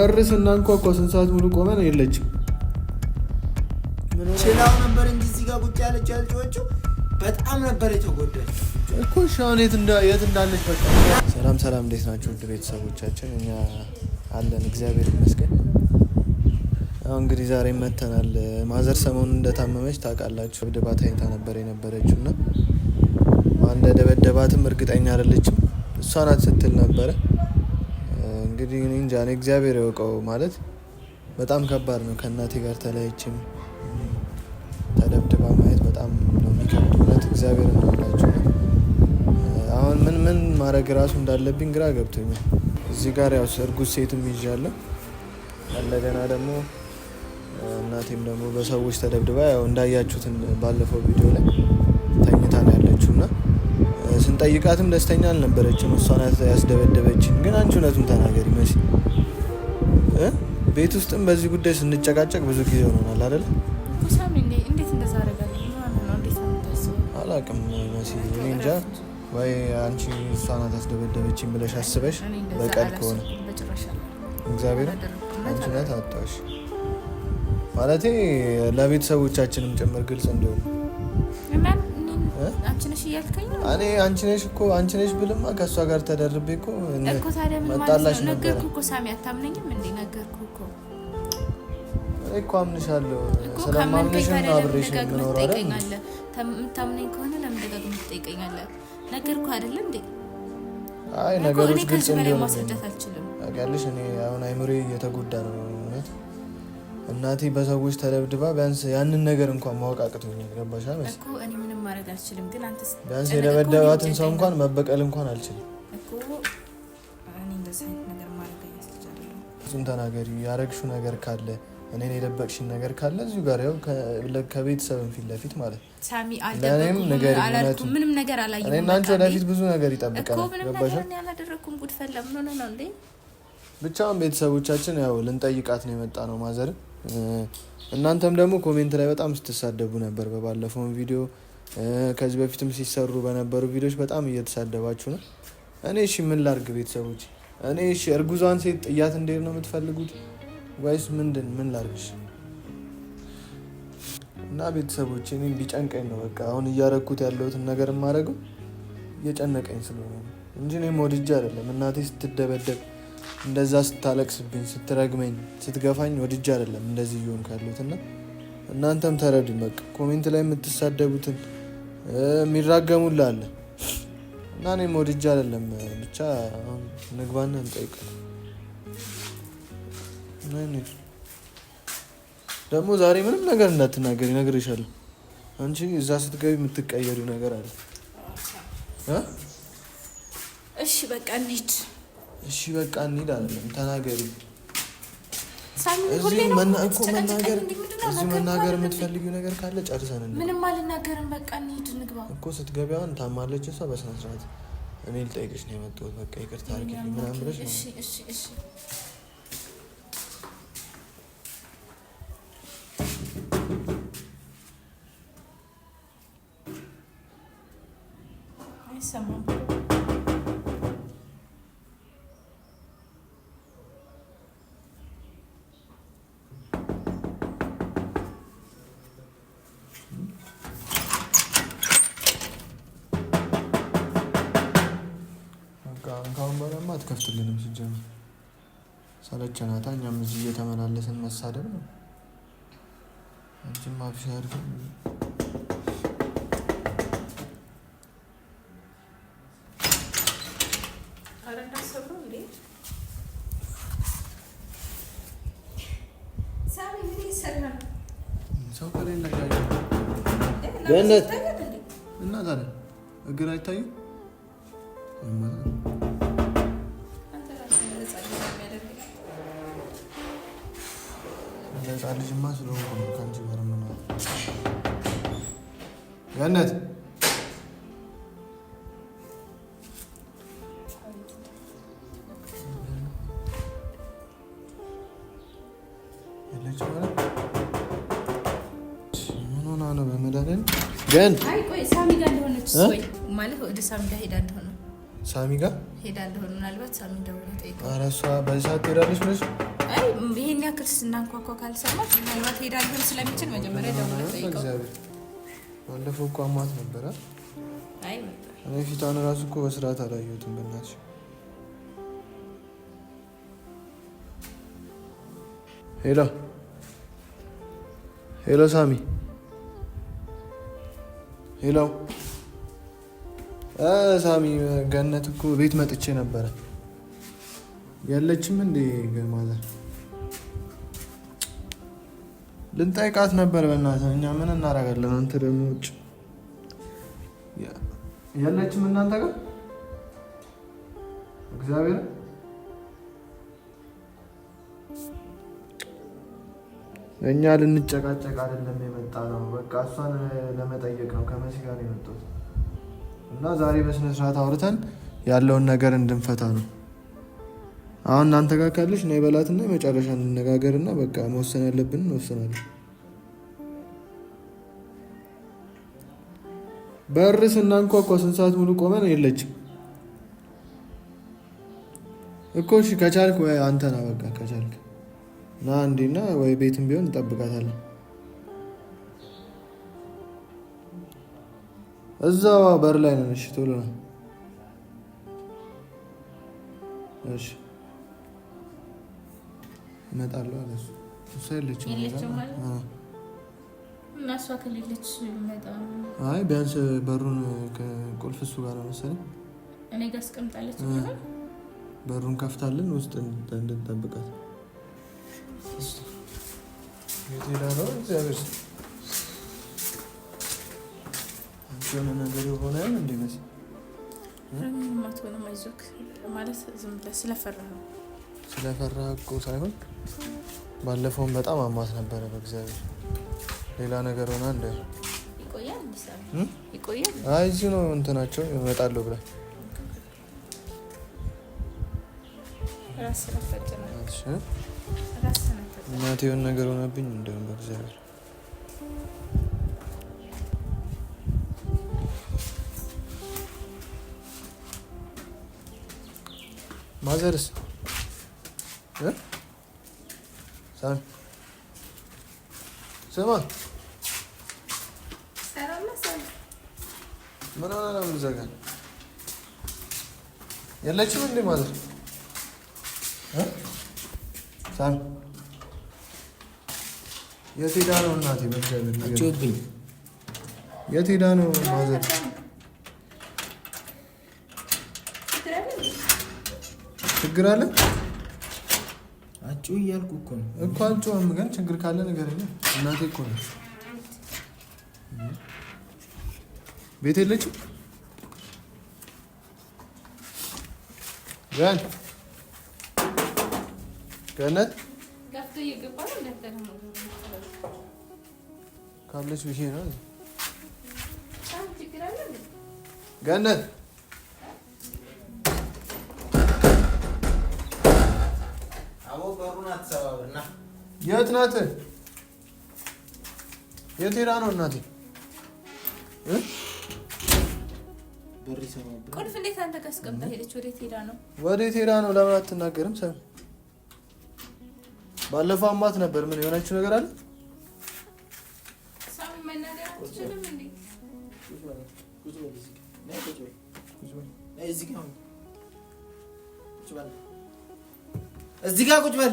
በር ስናንኳኳ ስንት ሰዓት ሙሉ ቆመን የለችም። ችላው ነበር እንጂ እዚህ ጋር ቁጭ ያለች ያልጮችው በጣም ነበር የተጎዳችው እኮ። እሺ የት እንዳለች በቃ። ሰላም ሰላም፣ እንዴት ናቸው ውድ ቤተሰቦቻችን? እኛ አለን እግዚአብሔር ይመስገን። አሁን እንግዲህ ዛሬ መተናል። ማዘር ሰሞኑን እንደታመመች ታውቃላችሁ። ደባት አይታ ነበር የነበረችው እና እንደ ደበደባትም እርግጠኛ አይደለችም እሷ ናት ስትል ነበረ እንግዲህ እኔ እንጃ እግዚአብሔር ያውቀው። ማለት በጣም ከባድ ነው። ከእናቴ ጋር ተለያይችም ተደብድባ ማየት በጣም ነው የሚከብድ። እግዚአብሔር እንዳላቸው አሁን ምን ምን ማድረግ ራሱ እንዳለብኝ ግራ ገብቶኛል። እዚህ ጋር ያው እርጉዝ ሴትም ይዣለሁ። እንደገና ደግሞ እናቴም ደግሞ በሰዎች ተደብድባ ያው እንዳያችሁትን ባለፈው ቪዲዮ ላይ ስንጠይቃትም ደስተኛ አልነበረችም። እሷን ያስደበደበችን። ግን አንቺ እውነቱን ተናገሪ መሲ። ቤት ውስጥም በዚህ ጉዳይ ስንጨቃጨቅ ብዙ ጊዜ ሆኖናል አይደል? አላቅም መሲ፣ እኔ እንጃ። ወይ አንቺ እሷ ያስደበደበችን ብለሽ አስበሽ በቀል ከሆነ እግዚአብሔር አንቺ ናት አጣሽ ማለቴ ለቤተሰቦቻችንም ጭምር ግልጽ እንዲሆን እኔ አንቺ ነሽ እኮ አንቺ ነሽ ብልማ ከእሷ ጋር ተደርቤ እኮ እኮ ታዲያ እኮ ሳሚ፣ አታምነኝም እንዴ? እኮ እኮ አምንሻለሁ። ስለማምንሽ ነው አብሬሽ የምኖረው አይደል? ከሆነ ለምን ደጋግመህ ትጠይቀኛለህ? አይደለም እንዴ? አይ ነገሮች ግልጽ እንዲሆን ታውቂያለሽ፣ እኔ አሁን አይምሬ እየተጎዳ ነው እውነት እናቴ በሰዎች ተደብድባ ቢያንስ ያንን ነገር እንኳን ማወቅ አቅቶኛል። ገባሽ? ማድረግ አልችልም፣ ግን አንተ ቢያንስ የደበደባትን ሰው እንኳን መበቀል እንኳን አልችልም። እሱን ተናገሪ። ያረግሹ ነገር ካለ እኔን የደበቅሽን ነገር ካለ እዚሁ ጋር ያው ከቤተሰብን ፊት ለፊት ማለት ሳሚ አልደበኩም፣ ምንም ነገር አላየሁም። እኔና አንቺ ወደፊት ብዙ ነገር ይጠብቀናል። ያላደረኩም ጉድ ፈላ ምን ሆነ ነው እንዴ? ብቻውን ቤተሰቦቻችን ያው ልንጠይቃት ነው የመጣ ነው ማዘርን እናንተም ደግሞ ኮሜንት ላይ በጣም ስትሳደቡ ነበር በባለፈውን ቪዲዮ ከዚህ በፊትም ሲሰሩ በነበሩ ቪዲዮዎች በጣም እየተሳደባችሁ ነው። እኔ እሺ ምን ላርግ ቤተሰቦች? እኔ እሺ እርጉዟን ሴት ጥያት እንዴት ነው የምትፈልጉት? ወይስ ምንድን ምን ላርግሽ? እና ቤተሰቦች እኔም ቢጨንቀኝ ነው በቃ አሁን እያረግኩት ያለሁትን ነገር የማደርገው እየጨነቀኝ ስለሆነ እንጂ እኔም ወድጄ አይደለም። እናቴ ስትደበደብ እንደዛ ስታለቅስብኝ፣ ስትረግመኝ፣ ስትገፋኝ ወድጄ አይደለም እንደዚህ እየሆንኩ ያለሁት እና እናንተም ተረዱኝ በቃ ኮሜንት ላይ የምትሳደቡትን የሚራገሙላለ አለ እና እኔም ወድጄ አይደለም ብቻ አሁን ንግባና እንጠይቅ ደግሞ ዛሬ ምንም ነገር እንዳትናገር ይነግርሻለሁ። አንቺ እዛ ስትገቢ የምትቀየሪው ነገር አለ። እሺ በቃ እንሂድ፣ እሺ በቃ እንሂድ አይደለም ተናገሪ እዚህ መናገር የምትፈልጊው ነገር ካለ ጨርሰን ምንም አልናገርም። በቃ እንሂድ እንግባ እኮ ስትገቢ አሁን ታማለች እሷ። በስነ ስርዓት እኔ ልጠይቅሽ ነው የመጣሁት። በቃ ይቅርታ አድርጊልኝ ምናምን ብለሽ ነው አትከፍትልንም። ሲጀምር ሰለቸናታ። እኛም እዚህ እየተመላለስን መሳደብ ነው። አንቺም አብሽ አድርግ። ሰው ከሌለ እና እግር አይታይም። ሕፃን ልጅማ ስለሆንኩ ነው ከአንቺ ጋር የምኖረው። ገነት ምን ሆና ነው? በመድኃኒዓለም ግን ሳሚ ጋር እንደሆነች ማለት ወደ ሳሚ ጋር ሄዳ እንደሆነ ሳሚ ጋር ሄዳለሁ። ምናልባት ሳሚ ደውሎ ጠይቀ። ኧረ እሷ በዚህ ሰዓት ትሄዳለች ብለሽ ይሄን ያክል ስናንኳኳ ካልሰማች ምናልባት ሄዳለሁ ስለሚችል መጀመሪያ ደውሎ ጠይቀው። ባለፈው እኮ አሟት ነበረ። እኔ ፊቷን እራሱ እኮ በስርዓት አላየሁትም። በእናትሽ ሄሎ፣ ሄሎ፣ ሳሚ ሄሎ ሳሚ ገነት እኮ ቤት መጥቼ ነበረ። የለችም እንዴ ማዘር? ልንጠይቃት ነበር። በእናትህ እኛ ምን እናደርጋለን? አንተ ደግሞ ውጭ የለችም እናንተ ጋር እግዚአብሔር እኛ ልንጨቃጨቅ አይደለም የመጣ ነው። በቃ እሷን ለመጠየቅ ነው። ከመሲ ጋር የመጡት እና ዛሬ በስነስርዓት አውርተን ያለውን ነገር እንድንፈታ ነው። አሁን እናንተ ጋር ካለች እና የበላትና የመጨረሻ እንነጋገርና በቃ መወሰን ያለብን እንወስናለን። በር ስናንኳኳ ስንት ሰዓት ሙሉ ቆመን የለችም እኮ። እሺ ከቻልክ ወይ አንተና በቃ ከቻልክ ና እንዲና ወይ ቤትም ቢሆን እንጠብቃታለን። እዛ በር ላይ ነን። እሺ ቶሎ ነው። እሺ እመጣለሁ አለ እሱ። እሷ የለችም። አይ ቢያንስ በሩን ቁልፍ እሱ ጋር ነው መሰለኝ። እኔ ጋር አስቀምጣለች። በሩን ከፍታለን ውስጥ እንድንጠብቃት የሆነ ነገር የሆነ እንደዚህ ማለት ዝም ብለህ ስለፈራህ ነው። ስለፈራህ እኮ ሳይሆን ባለፈውን በጣም አማት ነበረ። በእግዚአብሔር ሌላ ነገር ሆና እንደ ይቆያል። አይ ነው እንትናቸው እመጣለሁ ብለህ እናቴ የሆነ ነገር ሆነብኝ እንደውም በእግዚአብሔር ማዘርስ ስማ ምን ሆነ ነው እዛ የለችም እንዴ ማዘር ሳሚ የት ሄዳ ነው እናቴ የት ሄዳ ነው ማዘር ችግር አለ? አጩ እያልኩ እኮ ነው እኮ አልጮህም፣ ግን ችግር ካለ ነገር እናቴ እኮ ነው። ቤት የለችም ገነት ካለች ብዬ ነው ገነት የት ናት? የት ሄዳ ነው እናቴ? ቁልፍ እንዴት አንተ ሄደች? ወዴት ሄዳ ነው? ወዴት ሄዳ ነው? ለምን አትናገርም? ሰ ባለፈው አማት ነበር። ምን የሆነችው ነገር አለ? እዚህ ጋር ቁጭ በል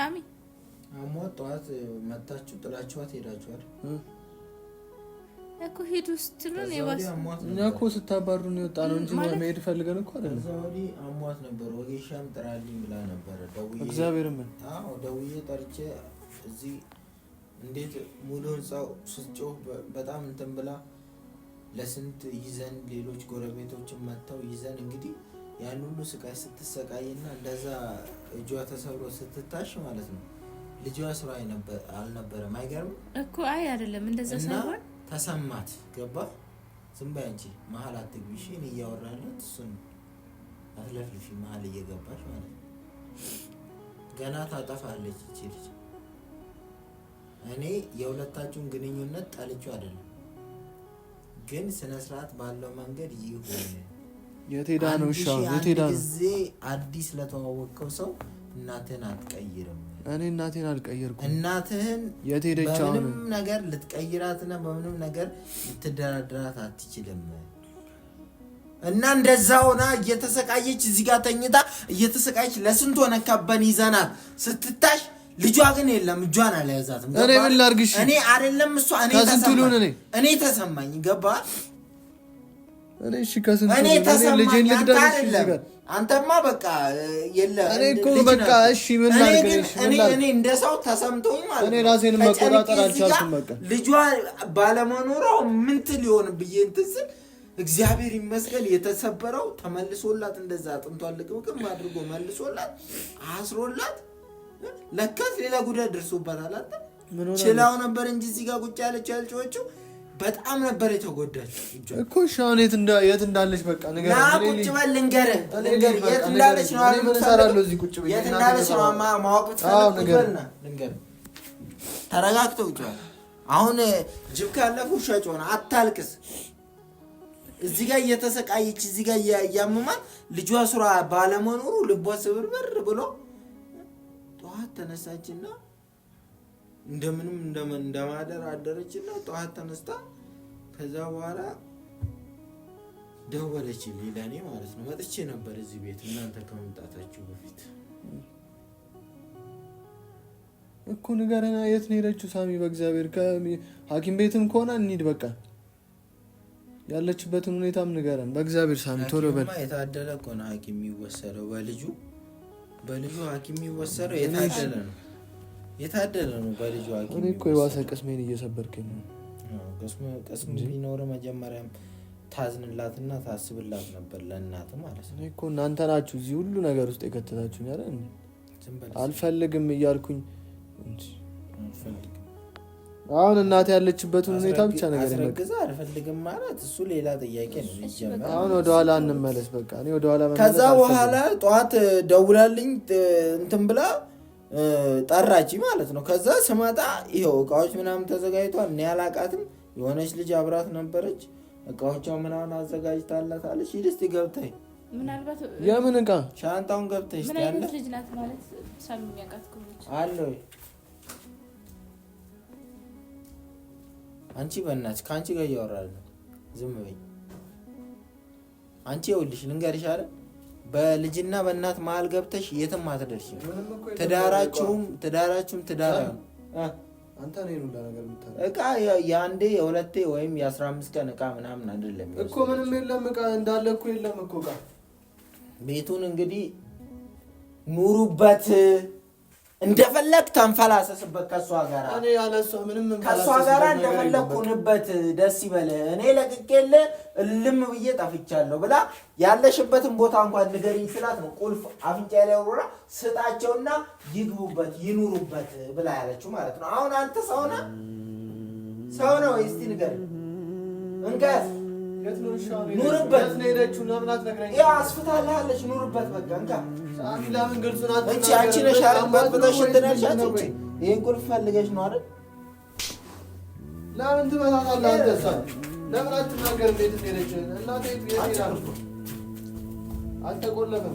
ሳሚ አሟት ጠዋት መታችሁ ጥላችኋት ሄዳችኋል እኮ ሂዱ ስትሉን እኛ እኮ ስታባሩን የወጣ ነው እንጂ መሄድ ፈልገን እኮ አለ። እዛ አሟት ነበር። ወጌሻም ጥራልኝ ብላ ነበረ። ደውዬ እግዚአብሔርን ምን ደውዬ ጠርቼ እዚህ እንዴት ሙሉ ህንፃው ስትጮህ በጣም እንትን ብላ ለስንት ይዘን ሌሎች ጎረቤቶችን መጥተው ይዘን እንግዲህ ያን ሁሉ ስቃይ ስትሰቃይና እንደዛ እጇ ተሰብሮ ስትታሽ ማለት ነው ልጇ ስራ አልነበረም። አይገርም እኮ አይ አይደለም እንደዛ ሳይሆን ተሰማት። ገባ ዝም በይ አንቺ መሀል አትግቢ እሺ። እኔ እያወራለት እሱን አትለፍልፊ መሀል እየገባሽ ማለት ነው። ገና ታጠፋለች ይቺ ልጅ። እኔ የሁለታችሁን ግንኙነት ጠልቼው አይደለም፣ ግን ስነስርዓት ባለው መንገድ ይሁን የቴዳ ነው ጊዜ አዲስ ለተዋወቀው ሰው እናትህን አትቀይርም። እኔ እናቴን አልቀየርኩም። እናትህን የቴደች በምንም ነገር ልትቀይራትና በምንም ነገር ልትደራድራት አትችልም። እና እንደዛ ሆና እየተሰቃየች እዚህ ጋር ተኝታ እየተሰቃየች ለስንት ሆነ ከበን ይዘናት ስትታሽ ልጇ ግን የለም፣ እጇን አለያዛትም። እኔ ምን ላድርግሽ? እኔ አይደለም እሷ እኔ ተሰማኝ። ገባ እኔ እሺ ከስንት አንተማ በቃ የለ እኔ እኮ በቃ እሺ፣ ምን ላድርግልሽ? እኔ እንደ ሰው ተሰምቶኝ ማለት እኔ ራሴን መቆጣጠር አልቻልኩም። በቃ ልጇ ባለመኖሯ ምንት ሊሆን ይሆን ብዬ እንትን ስል እግዚአብሔር ይመስገን የተሰበረው ተመልሶላት፣ እንደዛ አጥንቷን ልቅምቅም አድርጎ መልሶላት አስሮላት፣ ለካስ ሌላ ጉዳይ ደርሶበታል። አንተ ችላው ነበር እንጂ እዚህ ጋር ቁጭ ያለችው ያልጨወችው በጣም ነበር የተጎዳችው እኮ። እሺ አሁን የት እንዳለች በቃ ንገረኝ። ና ቁጭ በል ልንገርህ፣ ልንገርህ የት እንዳለች ነው ማወቅ ብትፈልግ። ተረጋግተው ቁጭ በል አሁን። ጅብ ካለፉ ሸጭ ሆነ አታልቅስ። እዚህ ጋር እየተሰቃየች እዚህ ጋር እያመማት ልጇ ስራ ባለመኖሩ ልቧ ስብርብር ብሎ ጠዋት ተነሳችና እንደምንም እንደምን እንደማደር አደረችና ጠዋት ተነስታ ከዛ በኋላ ደወለች ለእኔ ማለት ነው። መጥቼ ነበር እዚህ ቤት እናንተ ከመምጣታችሁ በፊት እኮ ንገረና፣ የት ነው የሄደችው? ሳሚ በእግዚአብሔር ሐኪም ቤትም ከሆነ እንሂድ በቃ ያለችበትን ሁኔታም ንገረን በእግዚአብሔር ሳሚ፣ ቶሎ በል። የታደለ እኮ ነው ሐኪም የሚወሰደው በልጁ በልጁ ሐኪም የሚወሰደው የታደለ ነው። የታደለ ነው በልጁ እኔ እኮ የባሰ ቅስሜን እየሰበርከኝ ነው። ቅስም ቢኖር መጀመሪያም ታዝንላትና ታስብላት ነበር ለእናት ማለት ነው እኮ። እናንተ ናችሁ እዚህ ሁሉ ነገር ውስጥ የከተታችሁ ያለ አልፈልግም እያልኩኝ አሁን እናት ያለችበትን ሁኔታ ብቻ ነገር ይመግዛ አልፈልግም ማለት እሱ ሌላ ጥያቄ ነው። አሁን ወደኋላ እንመለስ። በቃ ወደኋላ ከዛ በኋላ ጠዋት ደውላልኝ እንትን ብላ ጠራች ማለት ነው። ከዛ ስመጣ ይኸው እቃዎች ምናምን ተዘጋጅቷል። እኔ አላቃትም። የሆነች ልጅ አብራት ነበረች። እቃዎቿ ምናምን አዘጋጅታላታለች። ሂድ እስኪ ገብተሽ የምን እቃ ሻንጣውን ገብተሽ አለ አንቺ በእናትሽ ከአንቺ ጋር እያወራለሁ። ዝም በይ አንቺ። ይኸውልሽ ልንገርሽ አይደል በልጅና በእናት መሀል ገብተሽ የትም አትደርሽም። ትዳራችሁም ትዳራችሁም ትዳር እቃ የአንዴ የሁለቴ ወይም የአስራ አምስት ቀን እቃ ምናምን አይደለም እኮ ምንም የለም እቃ እንዳለ እኮ የለም እኮ እቃ ቤቱን እንግዲህ ኑሩበት። እንደፈለግ ተንፈላሰስበት ከእሷ ጋር ከእሷ ጋር እንደፈለግ ሁንበት፣ ደስ ይበልህ። እኔ ለቅቄል እልም ብዬ ጠፍቻለሁ ብላ ያለሽበትን ቦታ እንኳን ንገሪኝ ስላት ነው ቁልፍ አፍንጫ ላይ ውራ ስጣቸውና ይግቡበት ይኑሩበት ብላ ያለችው ማለት ነው። አሁን አንተ ሰው ነህ ሰው ነው እስቲ ንገሪኝ እንቀስ ኑርበት ነው ሄደችው። ለምን አትነግረኝ? ያ አስፍታልሃለች። ኑርበት በቃ እንካ። ለምን አንቺ ነሽ ቁልፍ ፈልገሽ ነው አይደል? ለምን አንተ? እሷ ለምን አትናገርም? ቤት ሄደች። እናቴ አልተቆለፈም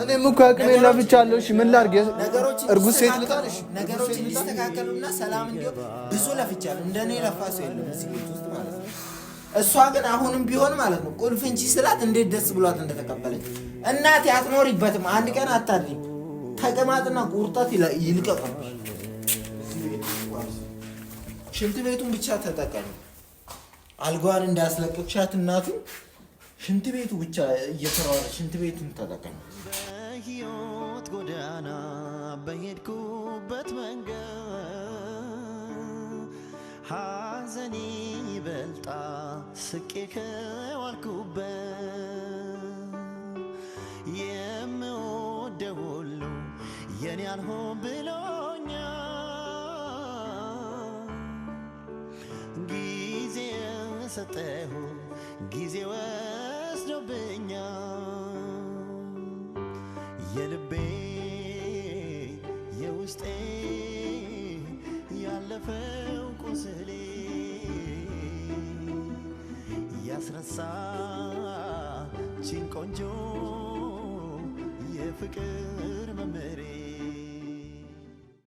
እኔም እኮ አቅሜ ለፍቻለሁ። እሺ ምን ላድርግ? እርጉዝ ሴት ልጣልሽ? ነገሮች እንዲስተካከሉና ሰላም እንዲሆን ብዙ ለፍቻለሁ። እንደኔ ለፋ ሰው የለም እዚህ ቤት ውስጥ ማለት ነው። እሷ ግን አሁንም ቢሆን ማለት ነው ቁልፍ እንጂ ስላት እንዴት ደስ ብሏት እንደተቀበለች እናቴ። አትኖሪበትም። አንድ ቀን አታድሪም። ተቀማጥና ቁርጠት ይልቀቁም። ሽንት ቤቱን ብቻ ተጠቀሙ። አልጓን እንዳስለቀቅሻት እናቱ ሽንት ቤቱ ብቻ እየሰራ ሽንት ቤቱን ተጠቀም። በህይወት ጎዳና በሄድኩበት መንገድ ሐዘኔ ይበልጣ ስቄ ከዋልኩበት የምወደው ሁሉ የኔ አልሆን ብሎኛ ጊዜ ሰጠሁ ጊዜ አልፈርድብኛ የልቤ የውስጤ ያለፈው ቁስሌ ያስረሳ ችን ቆንጆ የፍቅር መምህሬ